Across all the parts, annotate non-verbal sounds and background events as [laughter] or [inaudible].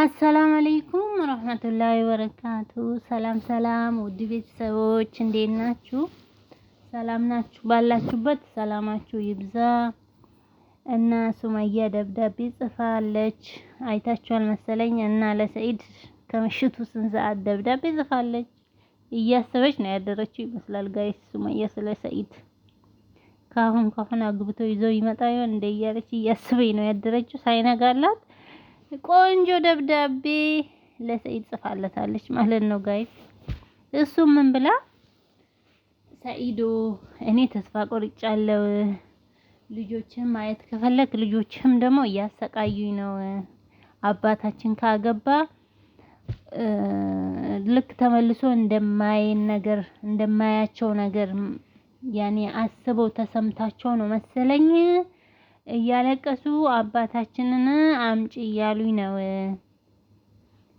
አሰላም አለይኩም ወራህመቱላሂ ወበረካቱ። ሰላም ሰላም፣ ውድ ቤተሰቦች እንዴት ናችሁ? ሰላም ናችሁ? ባላችሁበት ሰላማችሁ ይብዛ። እና ሱመያ ደብዳቤ ጽፋለች፣ አይታችኋል መሰለኝ። እና ለሰኢድ ከምሽቱ ስንት ሰዓት ደብዳቤ ጽፋለች። እያሰበች ነው ያደረችው ይመስላል ጋይስ። ሱመያ ስለ ሰኢድ ካሁን ካሁን አግብቶ ይዞ ይመጣ ይሆን እንደ እያለች እያስበኝ ነው ያደረችው ሳይነጋላት ቆንጆ ደብዳቤ ለሰኢድ ጽፋለታለች ማለት ነው ጋይ። እሱ ምን ብላ ሰኢዶ እኔ ተስፋ ቆርጫለሁ። ልጆችን ማየት ከፈለክ ልጆችም ደግሞ እያሰቃዩኝ ነው። አባታችን ካገባ ልክ ተመልሶ እንደማይን ነገር እንደማያቸው ነገር ያኔ አስበው ተሰምታቸው ነው መሰለኝ እያለቀሱ አባታችንን አምጪ እያሉኝ ነው።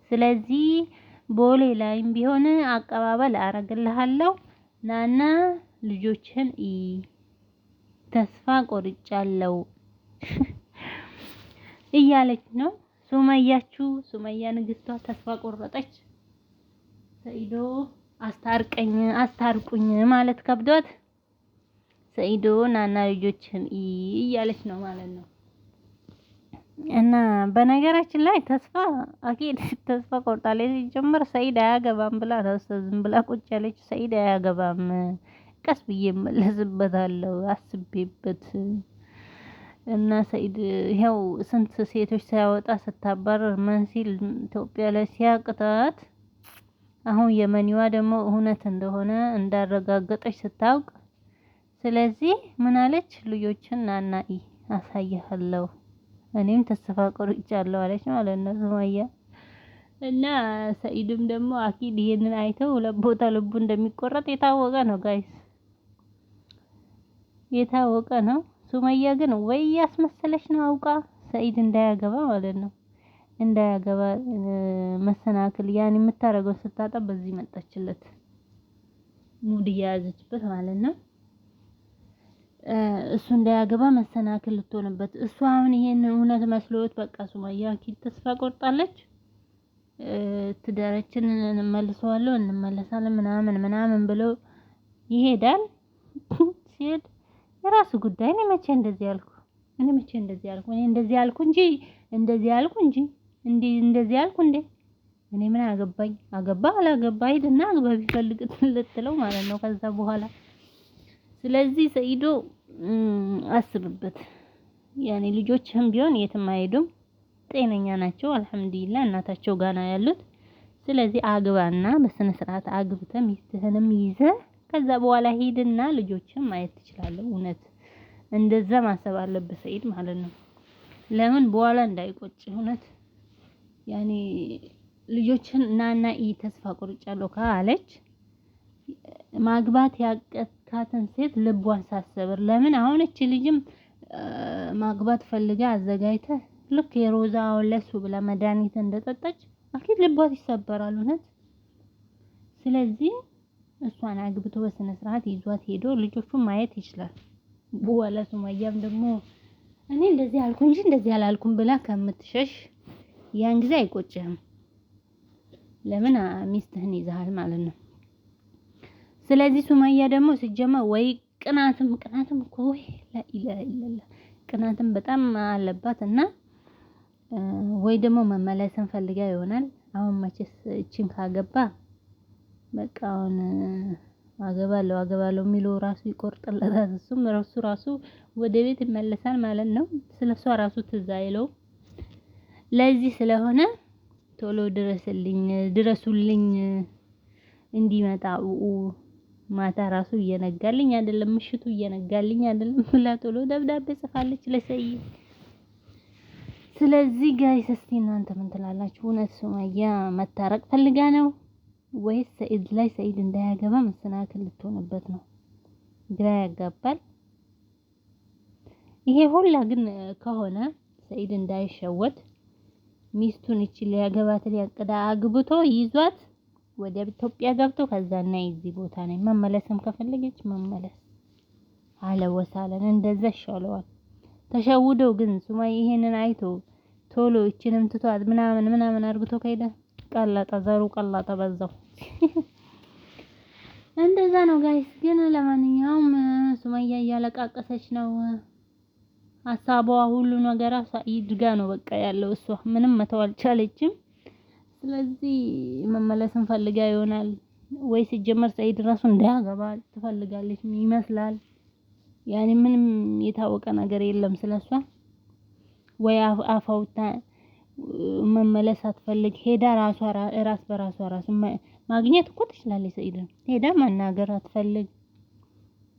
ስለዚህ ቦሌ ላይም ቢሆን አቀባበል አረግልሃለሁ። ናና ልጆችህን ኢ ተስፋ ቆርጫለሁ [laughs] እያለች ነው ሱመያችሁ። ሱመያ ንግስቷ ተስፋ ቆረጠች። ሰኢዶ አስታርቀኝ አስታርቁኝ ማለት ከብዷት ሰኢዶ ናና ልጆችን እያለች ነው ማለት ነው። እና በነገራችን ላይ ተስፋ አኪድ [laughs] ተስፋ ቆርጣለች። ሲጀምር ሰኢድ አያገባም ብላ ዝም ብላ ቁጭ ያለች ሰኢድ አያገባም፣ ቀስ ብዬ መለስበታለሁ አስቤበት እና ሰኢድ ይኸው ስንት ሴቶች ሳያወጣ ስታባረር ምን ሲል ኢትዮጵያ ላይ ሲያቅታት አሁን የመኒዋ ደግሞ እውነት እንደሆነ እንዳረጋገጠች ስታውቅ ስለዚህ ምን አለች? ልጆችን ናና ኢ እኔም ተስፋ ቆርጫለሁ አለች ማለት ነው ሱመያ እና ሰኢድም ደግሞ አኪድ ይሄንን አይተው ለቦታ ልቡ እንደሚቆረጥ የታወቀ ነው። ጋይስ የታወቀ ነው። ሱመያ ግን ወይ ያስመሰለች ነው አውቃ ሰኢድ እንዳያገባ ማለት ነው እንዳያገባ መሰናክል ያን የምታደርገው ስታጣ በዚህ መጣችለት ሙድ እየያዘችበት ማለት ነው። እሱ እንዳያገባ መሰናክል ልትሆንበት፣ እሱ አሁን ይሄን እውነት መስሎት በቃ ሱመያ ኪድ ተስፋ ቆርጣለች። ትዳራችን እንመልሰዋለሁ እንመለሳለን ምናምን ምናምን ብለው ይሄዳል። [laughs] ሲሄድ የራሱ ጉዳይ። እኔ መቼ እንደዚህ ያልኩ እኔ መቼ እንደዚህ ያልኩ እኔ እንደዚህ ያልኩ እንጂ እንደዚህ ያልኩ እንጂ እንዴ እንደዚህ ያልኩ እንዴ እኔ ምን አገባኝ? አገባ አላገባ ሂድና አግባ ቢፈልግ ልትለው ማለት ነው ከዛ በኋላ ስለዚህ ሰይዱ አስብበት። ያኔ ልጆችህም ቢሆን የትም አይሄዱም፣ ጤነኛ ናቸው። አልሐምዱሊላ እናታቸው ጋና ያሉት። ስለዚህ አግባና በስነ ስርዓት አግብተ ሚስትህንም ይዘ ከዛ በኋላ ሂድና ልጆችህም ማየት ትችላለህ። እውነት እንደዛ ማሰብ አለብህ ሰይድ ማለት ነው። ለምን በኋላ እንዳይቆጭ እውነት ያኔ ልጆችን ናና ተስፋ ቆርጫለሁ ካለች ማግባት ያቀታትን ሴት ልቧን ሳትሰብር ለምን አሁን እቺ ልጅም ማግባት ፈልጋ አዘጋጅተህ ልክ የሮዛ አሁን ለሱ ብላ መድኃኒት እንደጠጣች አኪት ልቧት ይሰበራል እውነት። ስለዚህ እሷን አግብቶ በስነ ስርዓት ይዟት ሄዶ ልጆቹን ማየት ይችላል። በኋላ ሱማያም ደግሞ እኔ እንደዚህ አልኩ እንጂ እንደዚህ አላልኩም ብላ ከምትሸሽ ያን ጊዜ አይቆጭህም። ለምን ሚስትህን ይዘሃል ማለት ነው። ስለዚህ ሱመያ ደግሞ ሲጀመር ወይ ቅናትም ቅናትም እኮ ወይ ላኢላሃ ቅናትም በጣም አለባት እና ወይ ደግሞ መመለስን ፈልጋ ይሆናል። አሁን መቼስ እችን ካገባ በቃ አሁን አገባለሁ አገባለሁ የሚለው ራሱ ይቆርጥለታል። እሱም ራሱ ራሱ ወደ ቤት ይመለሳል ማለት ነው። ስለሷ ራሱ ትዝ አይለው። ለዚህ ስለሆነ ቶሎ ድረስልኝ፣ ድረሱልኝ እንዲመጣ ማታ ራሱ እየነጋልኝ አይደለም፣ ምሽቱ እየነጋልኝ አይደለም ብላ [laughs] ቶሎ ደብዳቤ ጽፋለች ለሰይ። ስለዚህ ጋይስ እስቲ እናንተ ምን ትላላችሁ? እውነት ሱመያ መታረቅ ፈልጋ ነው ወይስ ሰይድ ላይ ሰይድ እንዳያገባ መሰናክል ልትሆንበት ነው? ግራ ያጋባል። ይሄ ሁላ ግን ከሆነ ሰይድ እንዳይሸወት ሚስቱን እቺ ሊያገባት ሊያቅዳ አግብቶ ይዟት ወደ ኢትዮጵያ ገብቶ ከዛ እና እዚህ ቦታ ነኝ መመለስም ከፈለገች መመለስ አለወሳለን እንደዛ ይሻለዋል። ተሸውደው ግን ሱማይ ይሄንን አይቶ ቶሎ እችንም ትቷት ምናምን ምናምን አድርግቶ ከሄደ ቀላጠ ዘሩ ቀላጠ በዛው [laughs] እንደዛ ነው ጋይስ። ግን ለማንኛውም ሱማያ እያለቃቀሰች ነው። ሀሳቧ ሁሉ ነገር ሰኢድ ነው በቃ ያለው። እሷ ምንም መተው አልቻለችም። ስለዚህ መመለስ እንፈልጋ ይሆናል ወይ ሲጀመር ሰይድ ራሱ እንዳያገባ ትፈልጋለች ይመስላል። ያኔ ምንም የታወቀ ነገር የለም ስለሷ። ወይ አፋውታ መመለስ አትፈልግ ሄዳ ራሷ ራስ በራሷ ራሱ ማግኘት እኮ ትችላለች። ሰኢድን ሄዳ ማናገር አትፈልግ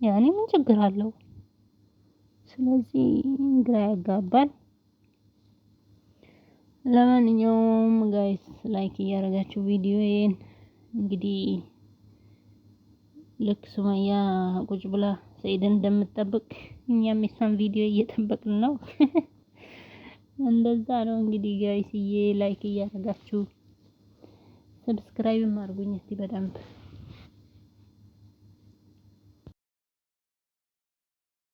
ያኔ ምን ችግር አለው? ስለዚህ ግራ ያጋባል። ለማንኛውም ጋይስ ላይክ እያደረጋችሁ ቪዲዮዬን እንግዲህ ልክ ሱመያ ቁጭ ብላ ሰኢድን እንደምትጠብቅ እኛም የሷን ቪዲዮ እየጠበቅን ነው። [laughs] እንደዛ ነው እንግዲህ ጋይስዬ፣ ላይክ እያደረጋችሁ ሰብስክራይብ አድርጉኝ እስቲ በደንብ